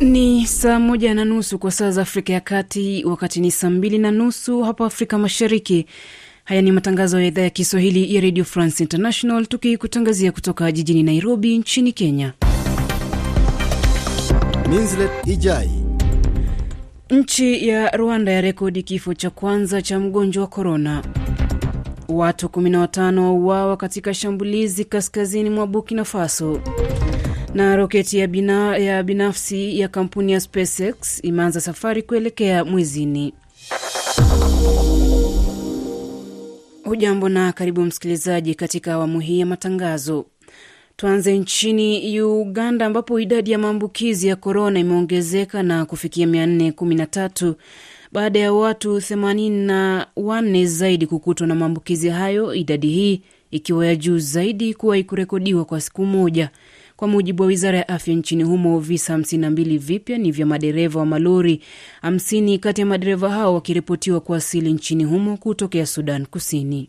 Ni saa moja na nusu kwa saa za Afrika ya Kati, wakati ni saa mbili na nusu hapa Afrika Mashariki. Haya ni matangazo ya idhaa ya Kiswahili ya Radio France International, tukikutangazia kutoka jijini Nairobi nchini Kenya. Minslet Ijai. Nchi ya Rwanda ya rekodi kifo cha kwanza cha mgonjwa wa korona. Watu 15 wauawa katika shambulizi kaskazini mwa Burkina Faso. Na roketi ya, bina, ya binafsi ya kampuni ya SpaceX imeanza safari kuelekea mwezini. Hujambo na karibu msikilizaji katika awamu hii ya matangazo. Tuanze nchini Uganda ambapo idadi ya maambukizi ya korona imeongezeka na kufikia 413 baada ya watu 84 zaidi kukutwa na maambukizi hayo, idadi hii ikiwa ya juu zaidi kuwahi kurekodiwa kwa siku moja. Kwa mujibu wa wizara ya afya nchini humo, visa 52 vipya ni vya madereva wa malori, 50 kati ya madereva hao wakiripotiwa kuwasili nchini humo kutokea Sudan Kusini.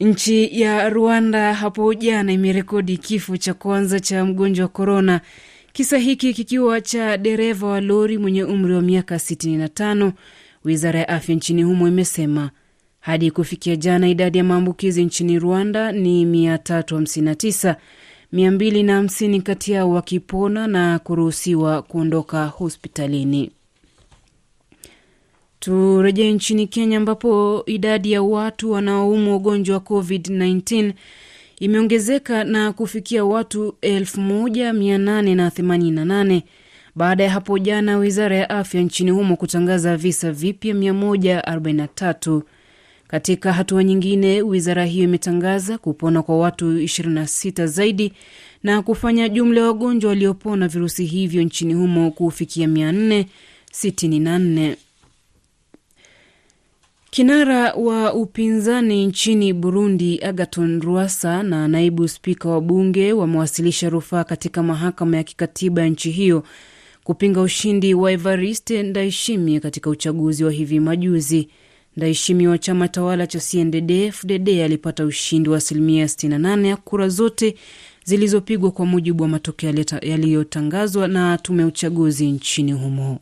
Nchi ya Rwanda hapo jana imerekodi kifo cha kwanza cha mgonjwa wa korona, kisa hiki kikiwa cha dereva wa lori mwenye umri wa miaka 65, wizara ya afya nchini humo imesema. Hadi kufikia jana idadi ya maambukizi nchini Rwanda ni 359, 250 kati yao wakipona na kuruhusiwa kuondoka hospitalini. Turejee nchini Kenya ambapo idadi ya watu wanaoumwa ugonjwa wa COVID-19 imeongezeka na kufikia watu 1888 baada ya hapo jana wizara ya afya nchini humo kutangaza visa vipya 143. Katika hatua nyingine, wizara hiyo imetangaza kupona kwa watu 26 zaidi na kufanya jumla ya wagonjwa waliopona virusi hivyo nchini humo kufikia 464. Kinara wa upinzani nchini Burundi, Agaton ruasa na naibu spika wa bunge wamewasilisha rufaa katika mahakama ya kikatiba ya nchi hiyo kupinga ushindi wa Evariste Ndayishimiye katika uchaguzi wa hivi majuzi. Ndaheshimiwa chama tawala cha CNDD FDD alipata ushindi wa asilimia 68 ya kura zote zilizopigwa kwa mujibu wa matokeo yaliyotangazwa na tume ya uchaguzi nchini humo.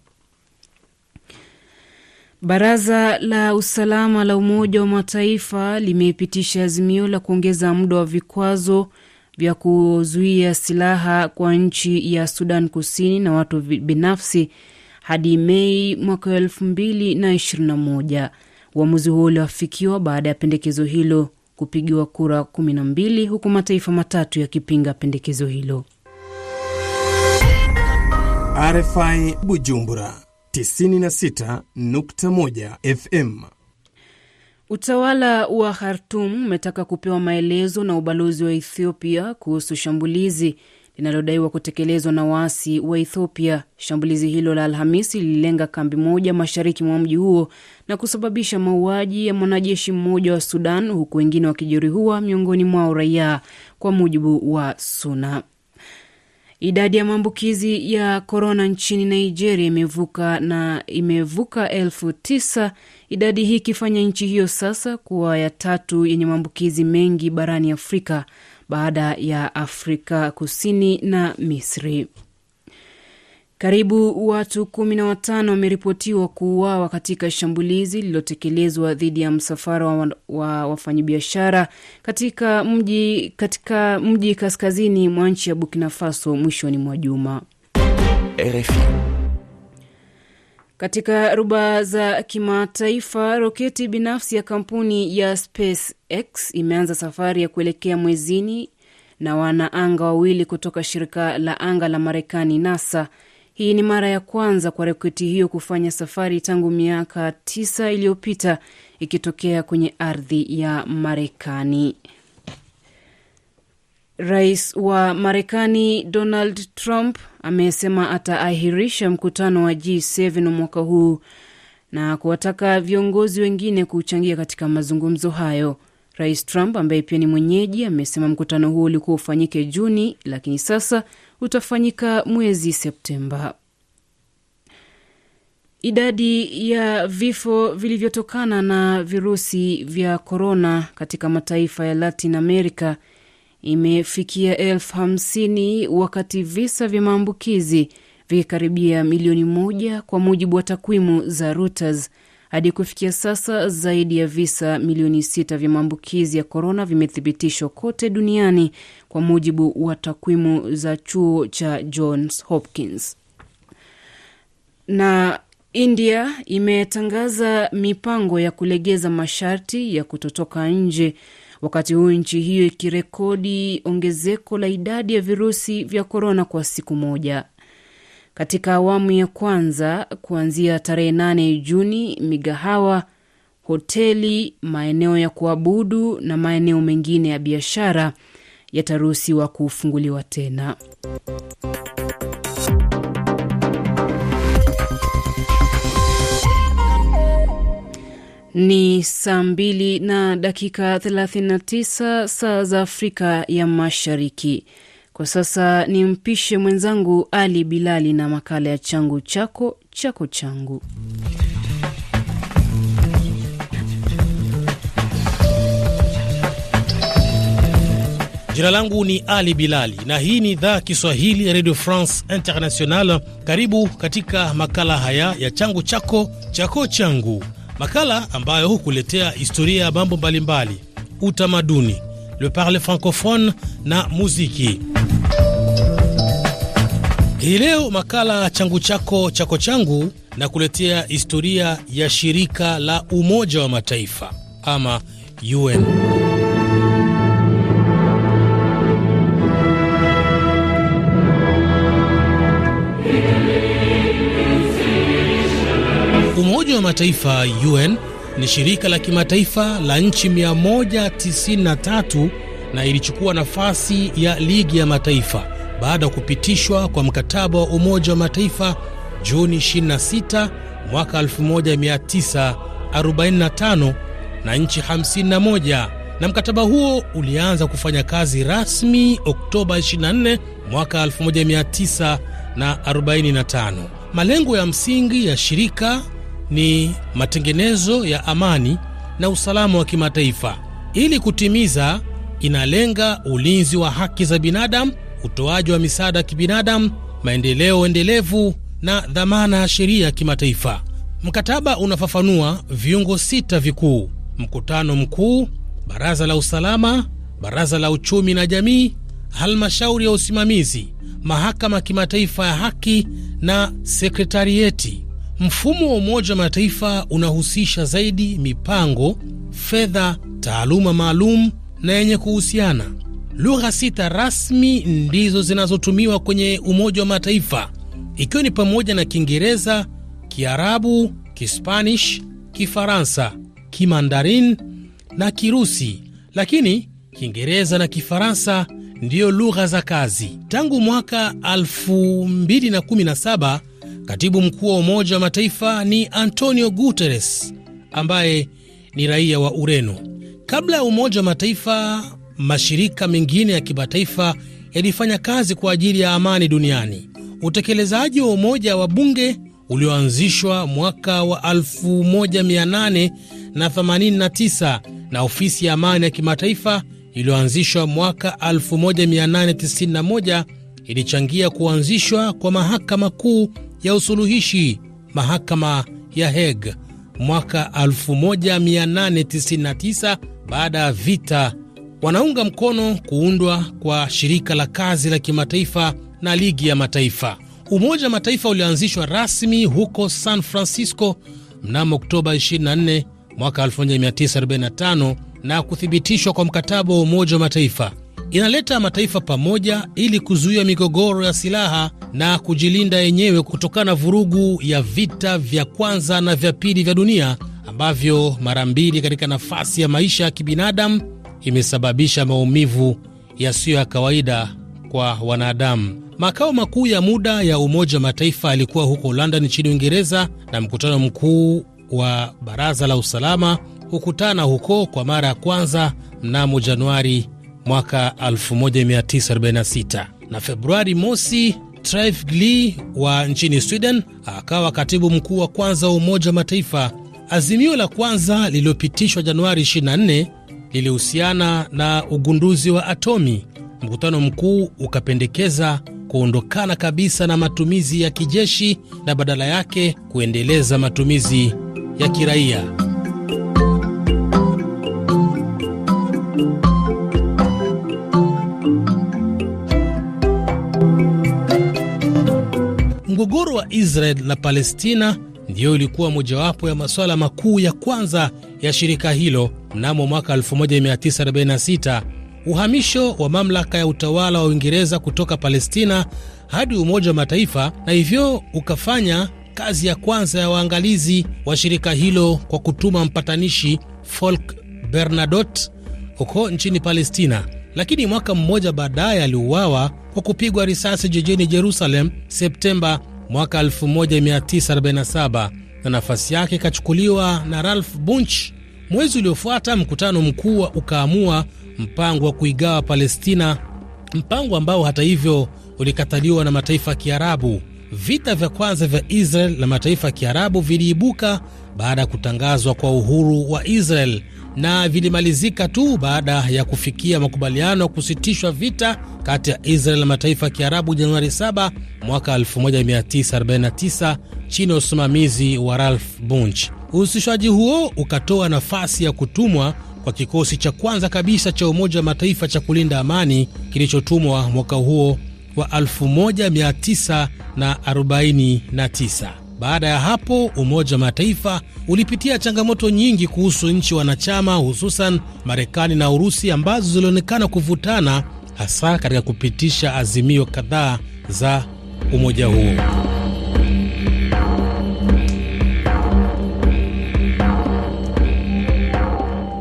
Baraza la usalama la Umoja wa Mataifa limepitisha azimio la kuongeza muda wa vikwazo vya kuzuia silaha kwa nchi ya Sudan Kusini na watu binafsi hadi Mei mwaka elfu mbili na ishirini na moja. Uamuzi huo uliafikiwa baada ya pendekezo hilo kupigiwa kura 12 huku mataifa matatu yakipinga pendekezo hilo. RFI Bujumbura 96.1 FM. Utawala wa Khartum umetaka kupewa maelezo na ubalozi wa Ethiopia kuhusu shambulizi linalodaiwa kutekelezwa na waasi wa Ethiopia. Shambulizi hilo la Alhamisi lililenga kambi moja mashariki mwa mji huo na kusababisha mauaji ya mwanajeshi mmoja wa Sudan, huku wengine wakijeruhiwa, miongoni mwao raia, kwa mujibu wa SUNA. Idadi ya maambukizi ya korona nchini Nigeria imevuka na imevuka elfu tisa, idadi hii ikifanya nchi hiyo sasa kuwa ya tatu yenye maambukizi mengi barani Afrika baada ya Afrika Kusini na Misri. Karibu watu kumi na watano wameripotiwa kuuawa katika shambulizi lililotekelezwa dhidi ya msafara wa, wa wafanyabiashara katika mji, katika mji kaskazini mwa nchi ya Burkina Faso mwishoni mwa juma. Katika ruba za kimataifa, roketi binafsi ya kampuni ya SpaceX imeanza safari ya kuelekea mwezini na wanaanga wawili kutoka shirika la anga la Marekani NASA hii ni mara ya kwanza kwa roketi hiyo kufanya safari tangu miaka tisa iliyopita ikitokea kwenye ardhi ya Marekani. Rais wa Marekani Donald Trump amesema ataahirisha mkutano wa G7 mwaka huu na kuwataka viongozi wengine kuchangia katika mazungumzo hayo. Rais Trump ambaye pia ni mwenyeji amesema mkutano huo ulikuwa ufanyike Juni, lakini sasa utafanyika mwezi Septemba. Idadi ya vifo vilivyotokana na virusi vya korona katika mataifa ya Latin America imefikia elfu hamsini wakati visa vya maambukizi vikikaribia milioni moja kwa mujibu wa takwimu za Reuters hadi kufikia sasa zaidi ya visa milioni sita vya maambukizi ya korona vimethibitishwa kote duniani kwa mujibu wa takwimu za chuo cha Johns Hopkins. Na India imetangaza mipango ya kulegeza masharti ya kutotoka nje wakati huu nchi hiyo ikirekodi ongezeko la idadi ya virusi vya korona kwa siku moja. Katika awamu ya kwanza kuanzia tarehe 8 Juni, migahawa, hoteli, maeneo ya kuabudu na maeneo mengine ya biashara yataruhusiwa kufunguliwa tena. Ni saa 2 na dakika 39 saa za Afrika ya Mashariki. Kwa sasa ni mpishe mwenzangu Ali Bilali na makala ya changu chako chako changu. Jina langu ni Ali Bilali na hii ni idhaa Kiswahili ya Radio France International. Karibu katika makala haya ya changu chako chako changu, makala ambayo hukuletea historia ya mambo mbalimbali, utamaduni le parle francophone na muziki. Hii leo makala changu chako chako changu na kuletea historia ya shirika la Umoja wa Mataifa ama UN. Umoja wa Mataifa UN ni shirika la kimataifa la nchi 193 na ilichukua nafasi ya Ligi ya Mataifa baada ya kupitishwa kwa mkataba wa Umoja wa Mataifa Juni 26 mwaka 1945 na nchi 51 na mkataba huo ulianza kufanya kazi rasmi Oktoba 24 mwaka 1945. Malengo ya msingi ya shirika ni matengenezo ya amani na usalama wa kimataifa. Ili kutimiza, inalenga ulinzi wa haki za binadamu, utoaji wa misaada ya kibinadamu, maendeleo endelevu na dhamana ya sheria ya kimataifa. Mkataba unafafanua viungo sita vikuu: mkutano mkuu, baraza la usalama, baraza la uchumi na jamii, halmashauri ya usimamizi, mahakama ya kimataifa ya haki na sekretarieti. Mfumo wa Umoja wa Mataifa unahusisha zaidi mipango, fedha, taaluma maalum na yenye kuhusiana. Lugha sita rasmi ndizo zinazotumiwa kwenye Umoja wa Mataifa, ikiwa ni pamoja na Kiingereza, Kiarabu, Kispanish, Kifaransa, Kimandarin na Kirusi, lakini Kiingereza na Kifaransa ndiyo lugha za kazi. Tangu mwaka 2017 Katibu mkuu wa Umoja wa Mataifa ni Antonio Guterres ambaye ni raia wa Ureno. Kabla ya Umoja wa Mataifa, mashirika mengine ya kimataifa yalifanya kazi kwa ajili ya amani duniani. Utekelezaji wa umoja wa bunge ulioanzishwa mwaka wa 1889 na ofisi ya amani ya kimataifa iliyoanzishwa mwaka 1891 ilichangia kuanzishwa kwa mahakama kuu ya usuluhishi mahakama ya Hague mwaka 1899 baada ya vita. Wanaunga mkono kuundwa kwa shirika la kazi la kimataifa na ligi ya mataifa. Umoja wa Mataifa ulioanzishwa rasmi huko San Francisco mnamo Oktoba 24 mwaka 1945 na kuthibitishwa kwa mkataba wa Umoja wa Mataifa inaleta mataifa pamoja ili kuzuia migogoro ya silaha na kujilinda yenyewe kutokana na vurugu ya vita vya kwanza na vya pili vya dunia ambavyo mara mbili katika nafasi ya maisha ya kibinadamu imesababisha maumivu yasiyo ya kawaida kwa wanadamu. Makao makuu ya muda ya Umoja wa Mataifa yalikuwa huko London nchini Uingereza, na mkutano mkuu wa Baraza la Usalama hukutana huko kwa mara ya kwanza mnamo Januari mwaka 1946 na Februari mosi Trif Gli wa nchini Sweden akawa katibu mkuu wa kwanza wa Umoja wa Mataifa. Azimio la kwanza lililopitishwa Januari 24 lilihusiana na ugunduzi wa atomi. Mkutano mkuu ukapendekeza kuondokana kabisa na matumizi ya kijeshi na badala yake kuendeleza matumizi ya kiraia. Mgogoro wa Israel na Palestina ndiyo ilikuwa mojawapo ya masuala makuu ya kwanza ya shirika hilo mnamo mwaka 1946. Uhamisho wa mamlaka ya utawala wa Uingereza kutoka Palestina hadi Umoja wa Mataifa, na hivyo ukafanya kazi ya kwanza ya waangalizi wa shirika hilo kwa kutuma mpatanishi Folk Bernadotte huko nchini Palestina, lakini mwaka mmoja baadaye aliuawa kwa kupigwa risasi jijini Jerusalem Septemba mwaka 1947 na nafasi yake ikachukuliwa na Ralph Bunch. Mwezi uliofuata mkutano mkuu ukaamua mpango wa kuigawa Palestina, mpango ambao hata hivyo ulikataliwa na mataifa ya Kiarabu. Vita vya kwanza vya Israel na mataifa ya Kiarabu viliibuka baada ya kutangazwa kwa uhuru wa Israel na vilimalizika tu baada ya kufikia makubaliano ya kusitishwa vita kati ya Israel na mataifa ya Kiarabu Januari 7 mwaka 1949 chini ya usimamizi wa Ralph Bunche. Uhusishwaji huo ukatoa nafasi ya kutumwa kwa kikosi cha kwanza kabisa cha Umoja wa Mataifa cha kulinda amani kilichotumwa mwaka huo wa 1949. Baada ya hapo, Umoja wa Mataifa ulipitia changamoto nyingi kuhusu nchi wanachama, hususan Marekani na Urusi ambazo zilionekana kuvutana, hasa katika kupitisha azimio kadhaa za umoja huo.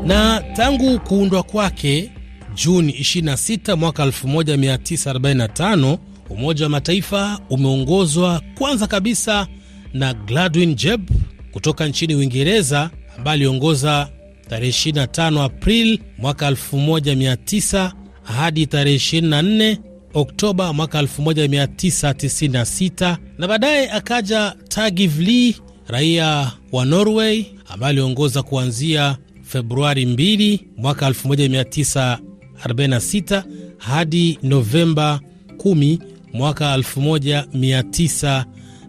Na tangu kuundwa kwake Juni 26 mwaka 1945, Umoja wa Mataifa umeongozwa kwanza kabisa na Gladwin Jeb kutoka nchini Uingereza ambaye aliongoza tarehe 25 Aprili mwaka 1900 hadi tarehe 24 Oktoba mwaka 1996 na baadaye akaja Tagiv Lee raia wa Norway ambaye aliongoza kuanzia Februari 2 mwaka 1946 hadi Novemba 10 mwaka 19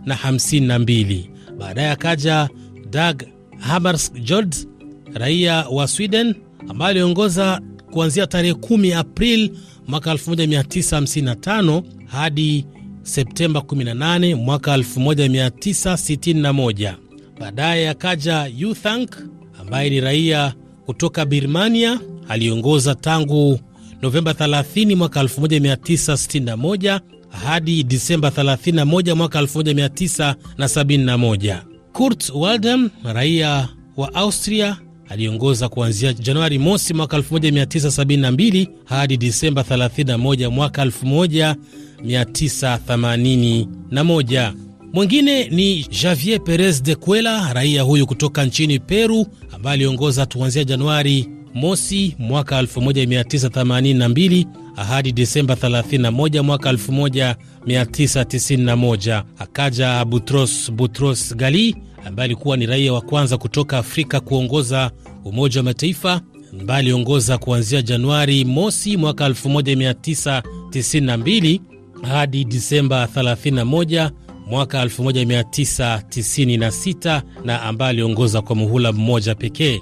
na 52. Baadaye akaja Dag Hammarskjöld raia wa Sweden ambaye aliongoza kuanzia tarehe 10 Aprili mwaka 1955 hadi Septemba 18 mwaka 1961. Baadaye akaja U ambaye ni raia kutoka Birmania, aliongoza tangu Novemba 30 mwaka 1961 hadi Disemba 31 mwaka 1971. Kurt Waldheim, raia wa Austria, aliongoza kuanzia Januari mosi mwaka 1972 hadi Disemba 31 mwaka 1981. Mwingine ni Javier Perez de Cuela, raia huyu kutoka nchini Peru, ambaye aliongoza tuanzia Januari mosi mwaka 1982 hadi Disemba 31 mwaka 1991. Akaja Boutros Boutros Ghali ambaye alikuwa ni raia wa kwanza kutoka Afrika kuongoza Umoja wa Mataifa ambaye aliongoza kuanzia Januari mosi mwaka 1992 hadi Disemba 31 mwaka 1996 na ambaye aliongoza kwa muhula mmoja pekee.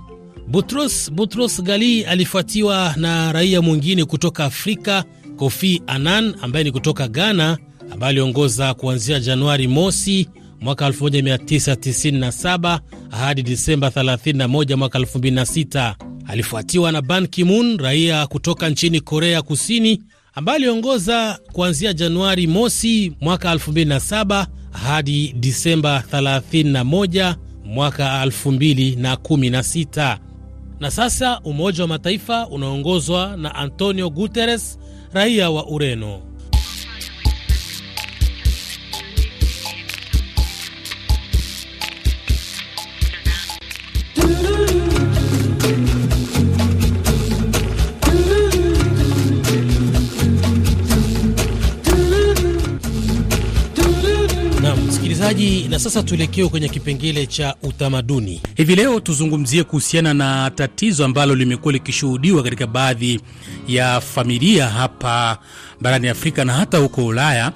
Boutros Boutros Ghali alifuatiwa na raia mwingine kutoka Afrika, Kofi Annan ambaye ni kutoka Ghana, ambaye aliongoza kuanzia Januari mosi mwaka 1997 hadi Disemba 31 mwaka 2006. Alifuatiwa na Ban Ki-moon, raia kutoka nchini Korea Kusini, ambaye aliongoza kuanzia Januari mosi mwaka 2007 hadi Disemba 31 mwaka 2016 na sasa Umoja wa Mataifa unaongozwa na Antonio Guterres, raia wa Ureno. msikilizaji, na sasa tuelekee kwenye kipengele cha utamaduni. Hivi leo tuzungumzie kuhusiana na tatizo ambalo limekuwa likishuhudiwa katika baadhi ya familia hapa barani Afrika na hata huko Ulaya,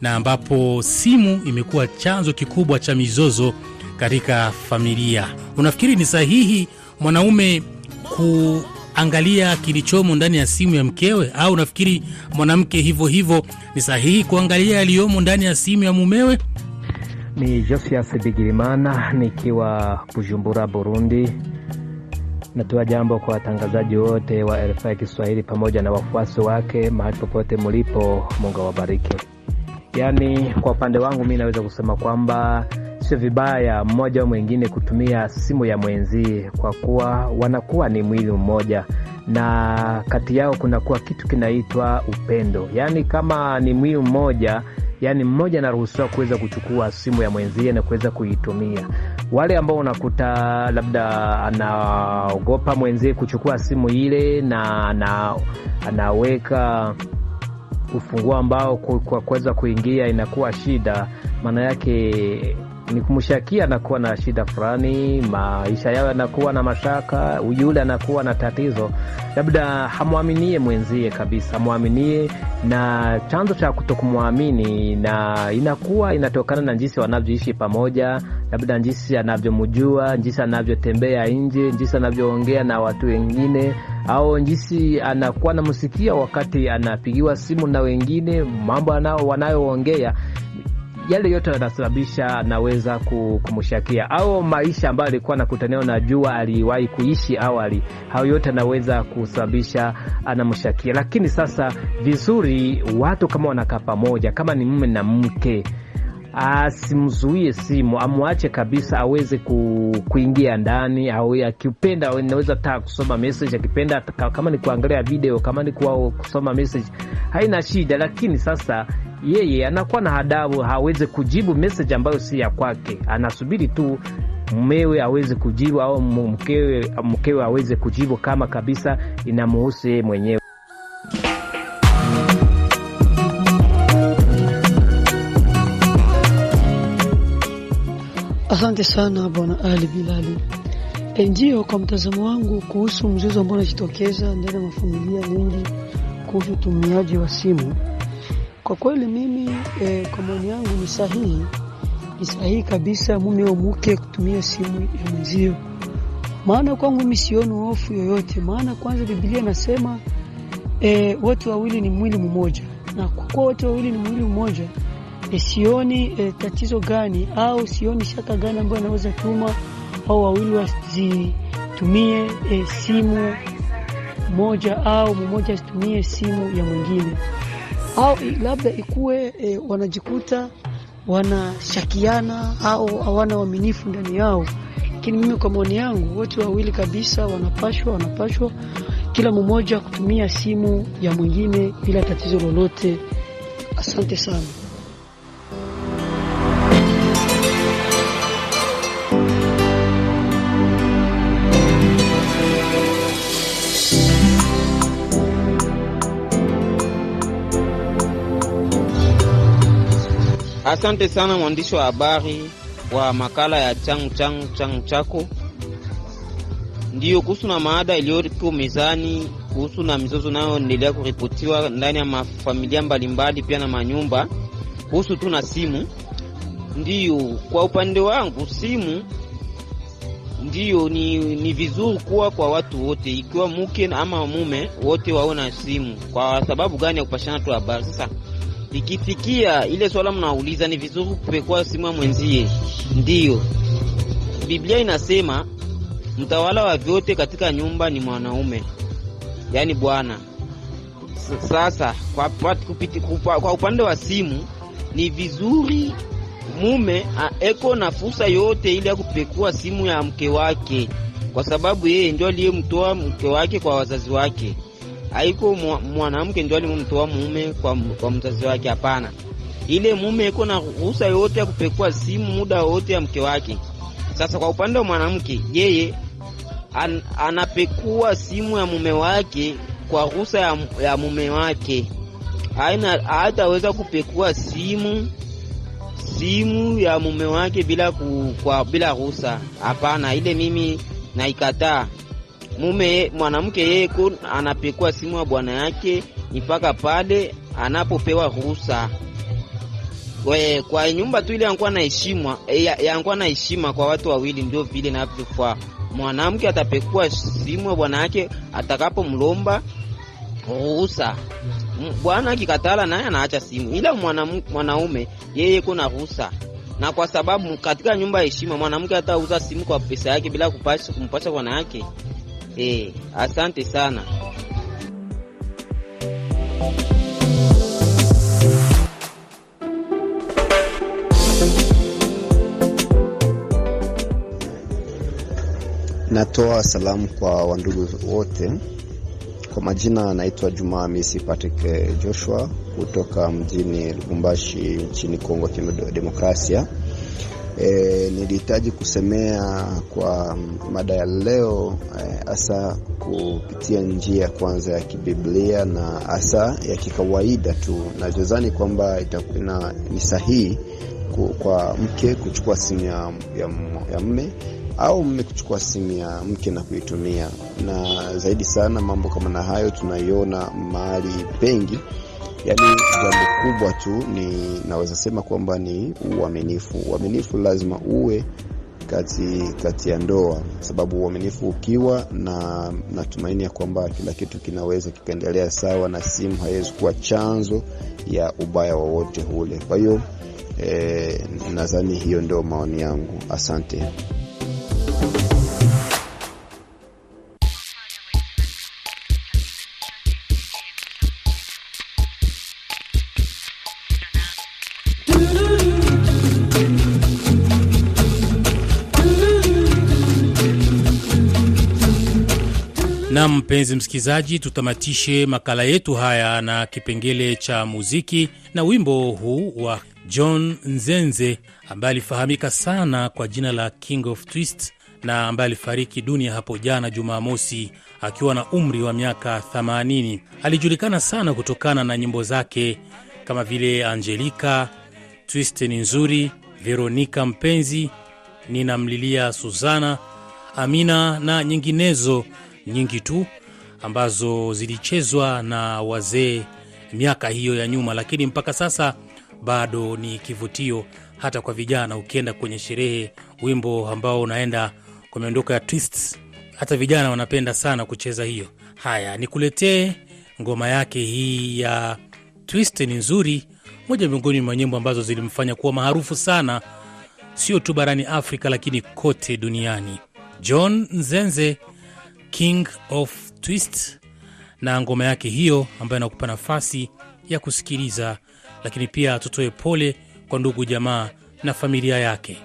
na ambapo simu imekuwa chanzo kikubwa cha mizozo katika familia. Unafikiri ni sahihi mwanaume kuangalia kilichomo ndani ya simu ya mkewe, au unafikiri mwanamke hivyo hivyo ni sahihi kuangalia yaliyomo ndani ya simu ya mumewe? Ni Josias Bigirimana nikiwa Bujumbura, Burundi. Natoa jambo kwa watangazaji wote wa RFI Kiswahili pamoja na wafuasi wake mahali popote mlipo, Mungu awabariki. Yaani, kwa upande wangu mi naweza kusema kwamba sio vibaya mmoja au mwingine kutumia simu ya mwenzie kwa kuwa wanakuwa ni mwili mmoja na kati yao kunakuwa kitu kinaitwa upendo. Yaani kama ni mwili mmoja, yani mmoja anaruhusiwa kuweza kuchukua simu ya mwenzie na kuweza kuitumia. Wale ambao unakuta labda anaogopa mwenzie kuchukua simu ile na, na anaweka ufunguo ambao kwa kuweza kuingia inakuwa shida, maana yake ni kumshakia anakuwa na shida fulani, maisha yao yanakuwa na mashaka, yule anakuwa na tatizo, labda hamwaminie mwenzie kabisa, hamwaminie. Na chanzo cha kutokumwamini na inakuwa inatokana na jinsi wanavyoishi pamoja, labda jinsi anavyomjua, jinsi anavyotembea nje, jinsi anavyoongea na watu wengine, au jinsi anakuwa namsikia wakati anapigiwa simu na wengine, mambo wanayoongea yale yote yanasababisha naweza kumshakia au maisha ambayo alikuwa na najua aliwahi kuishi awali, hayo yote anaweza kusababisha anamshakia. Lakini sasa vizuri, watu kama wanakaa pamoja, kama ni mume na mke asimzuie simu, amwache kabisa, aweze ku, kuingia ndani au akipenda, naweza taka kusoma message, akipenda kama ni kuangalia video, kama ni kusoma message, haina shida, lakini sasa yeye anakuwa na adabu, hawezi kujibu message ambayo si ya kwake, anasubiri tu mmewe aweze kujibu au mkewe, mkewe aweze kujibu kama kabisa inamuhusu yeye mwenyewe. Asante sana Bwana Ali Bilali. Eh, ndio kwa mtazamo wangu kuhusu mzozo ambao unajitokeza ndani ya mafamilia mengi kuhusu utumiaji wa simu kwa kweli mimi e, kwa maoni yangu ni sahihi, ni sahihi kabisa mume au mke kutumia simu ya mwenzio, maana kwangu mimi sioni hofu yoyote, maana kwanza Biblia inasema e, eh, wote wawili ni mwili mmoja, na kwa kuwa wote wawili ni mwili mmoja e, sioni e, tatizo gani au sioni shaka gani ambayo anaweza tuma au wawili wasitumie e, simu moja au mmoja asitumie simu ya mwingine au labda ikuwe e, wanajikuta wanashakiana au hawana uaminifu ndani yao. Lakini mimi kwa maoni yangu, wote wawili kabisa wanapashwa wanapashwa kila mmoja kutumia simu ya mwingine bila tatizo lolote. Asante sana. Asante sana mwandishi wa habari wa makala ya changu changu changu chako. Ndiyo kuhusu na maada iliyoko mezani kuhusu na mizozo nayo endelea kuripotiwa ndani ya mafamilia mbalimbali, pia na manyumba, kuhusu tu na simu. Ndiyo kwa upande wangu simu ndiyo ni, ni vizuri kuwa kwa watu wote, ikiwa mke ama mume wote waona simu. Kwa sababu gani ya kupashana tu habari sasa Ikifikia ile swala mnauliza, ni vizuri kupekua ya mwenzie. Ndiyo, Biblia inasema mtawala wa vyote katika nyumba ni mwanaume, yaani bwana. Sasa kwa, kupiti, kwa upande wa simu ni vizuri mume eko na fursa yote ile ya kupekua simu ya mke wake, kwa sababu yeye ndio aliyemtoa mke wake kwa wazazi wake haiko mwanamke ndio alimtoa mume kwa, kwa mzazi wake. Hapana, ile mume iko na ruhusa yote ya kupekua simu muda wote ya mke wake. Sasa kwa upande wa mwanamke, yeye an, anapekua simu ya mume wake kwa ruhusa ya, ya mume wake. Haina hataweza kupekua simu simu ya mume wake bila ku, kwa, bila ruhusa. Hapana, ile mimi naikataa mume mwanamke yeye ko anapekua simu ya bwana yake mpaka pale anapopewa ruhusa. kwa nyumba tu ile yanakuwa na heshima, e, yanakuwa na heshima kwa watu wawili, ndio vile navyofaa. Mwanamke atapekua simu ya bwana yake atakapomlomba ruhusa. Bwana akikatala naye anaacha simu, ila mwanaume yeye kuna ruhusa na kwa sababu katika nyumba ya heshima mwanamke atauza simu kwa pesa yake bila kupasha kumpasha bwana yake. Eh, asante sana. Natoa salamu kwa wandugu wote. Kwa majina anaitwa Jumaa Misi Patrick eh, Joshua kutoka mjini Lubumbashi nchini Kongo ya Demokrasia. E, nilihitaji kusemea kwa mada ya leo e, hasa e, kupitia njia kwanza ya kibiblia na hasa ya kikawaida tu, navyozani kwamba ni sahihi kwa mke kuchukua simu ya, ya, ya mme au mme kuchukua simu ya mke na kuitumia, na zaidi sana mambo kama na hayo tunaiona mahali pengi yani jambo kubwa tu ni naweza sema kwamba ni uaminifu. Uaminifu lazima uwe kati kati ya ndoa, sababu uaminifu ukiwa, na natumaini ya kwamba kila kitu kinaweza kikaendelea sawa, na simu haiwezi kuwa chanzo ya ubaya wowote ule. Kwa hiyo eh, nadhani hiyo ndio maoni yangu. Asante. mpenzi msikilizaji, tutamatishe makala yetu haya na kipengele cha muziki na wimbo huu wa John Nzenze ambaye alifahamika sana kwa jina la King of Twist na ambaye alifariki dunia hapo jana Jumamosi akiwa na umri wa miaka 80. Alijulikana sana kutokana na nyimbo zake kama vile Angelika, Twist ni nzuri, Veronika mpenzi, ninamlilia Suzana, Amina na nyinginezo nyingi tu ambazo zilichezwa na wazee miaka hiyo ya nyuma, lakini mpaka sasa bado ni kivutio hata kwa vijana. Ukienda kwenye sherehe, wimbo ambao unaenda kwa miondoko ya twist, hata vijana wanapenda sana kucheza hiyo. Haya, nikuletee ngoma yake hii ya twist, ni nzuri, moja miongoni mwa nyimbo ambazo zilimfanya kuwa maarufu sana, sio tu barani Afrika, lakini kote duniani. John Nzenze King of Twist na ngoma yake hiyo ambayo inakupa nafasi ya kusikiliza, lakini pia tutoe pole kwa ndugu jamaa na familia yake.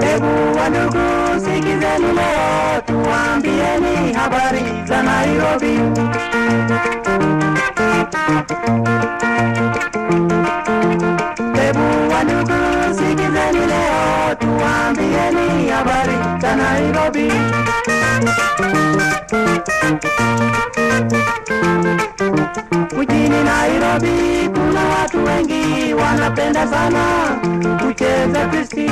Ebu wandugu, sikizeni leo waambieni habari za Nairobi. Hebu wandugu, sikizeni leo, tuambieni habari za Nairobi. Mjini Nairobi kuna watu wengi wanapenda sana kucheza Kristi.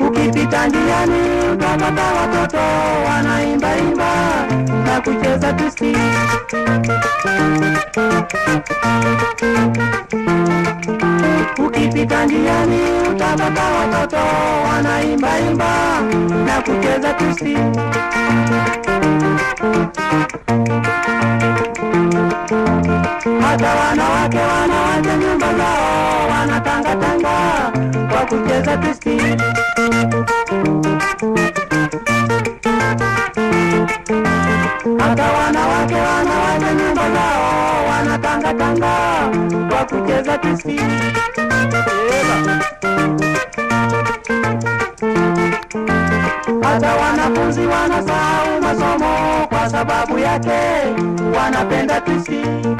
Ukipita njiani utapata watoto wanaimbaimba na kucheza twist. Ukipita njiani utapata watoto wanaimbaimba na kucheza twist. pies la piscina. Hata wanawake wanawacha nyumba zao, wanatangatanga kwa kucheza piscina. Hata wanafunzi wanasahau masomo kwa sababu yake, wanapenda piscina.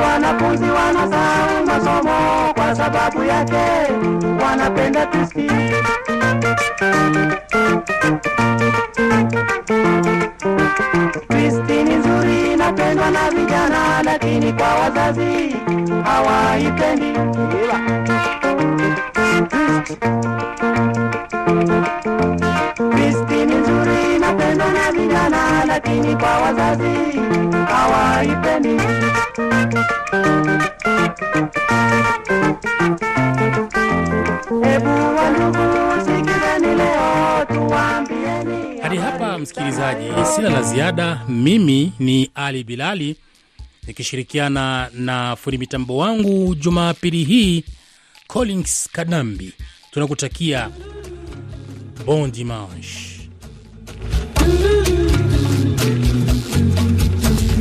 wanafunzi wanasahau masomo kwa sababu yake, wanapenda twist. Twist na vijana, lakini kwa wazazi hawaipendi. ni nzuri, inapendwa na vijana, lakini kwa wazazi hawaipendi. Hadi hapa msikilizaji, sina la ziada. Mimi ni Ali Bilali nikishirikiana na fundi mitambo wangu Jumapili hii Collins Kadambi, tunakutakia bon dimanche.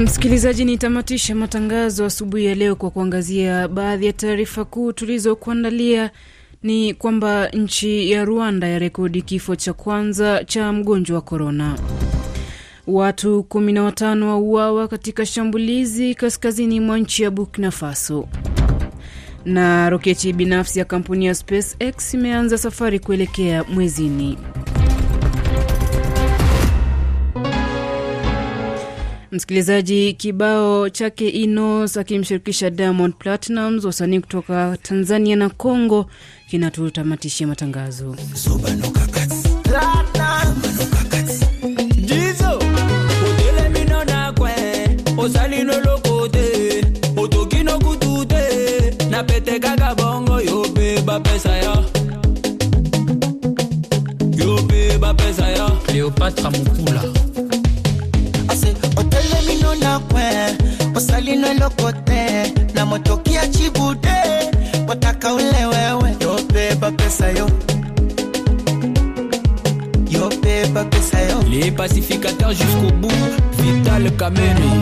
Msikilizaji, nitamatisha matangazo asubuhi ya leo kwa kuangazia baadhi ya taarifa kuu tulizokuandalia. Ni kwamba nchi ya Rwanda yarekodi kifo cha kwanza cha mgonjwa wa korona. Watu 15 wauawa katika shambulizi kaskazini mwa nchi ya Burkina Faso, na roketi binafsi ya kampuni ya SpaceX imeanza safari kuelekea mwezini. Msikilizaji, kibao chake Inos akimshirikisha Diamond Platnumz, wasanii kutoka Tanzania na Congo, kinatutamatishia matangazo Zuba, da meme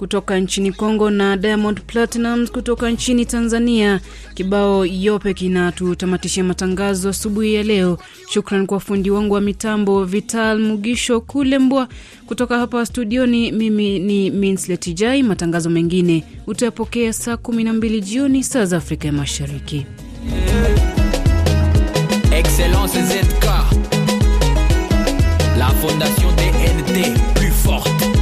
kutoka nchini Kongo na Diamond Platinumz kutoka nchini Tanzania. Kibao yope kinatutamatishia matangazo asubuhi ya leo. Shukran kwa fundi wangu wa mitambo Vital Mugisho Kulembwa. Kutoka hapa studioni, mimi ni Minslet Jai. Matangazo mengine utayapokea saa 12 jioni saa za Afrika ya Mashariki. Excellence ZK, la fondation DNT plus forte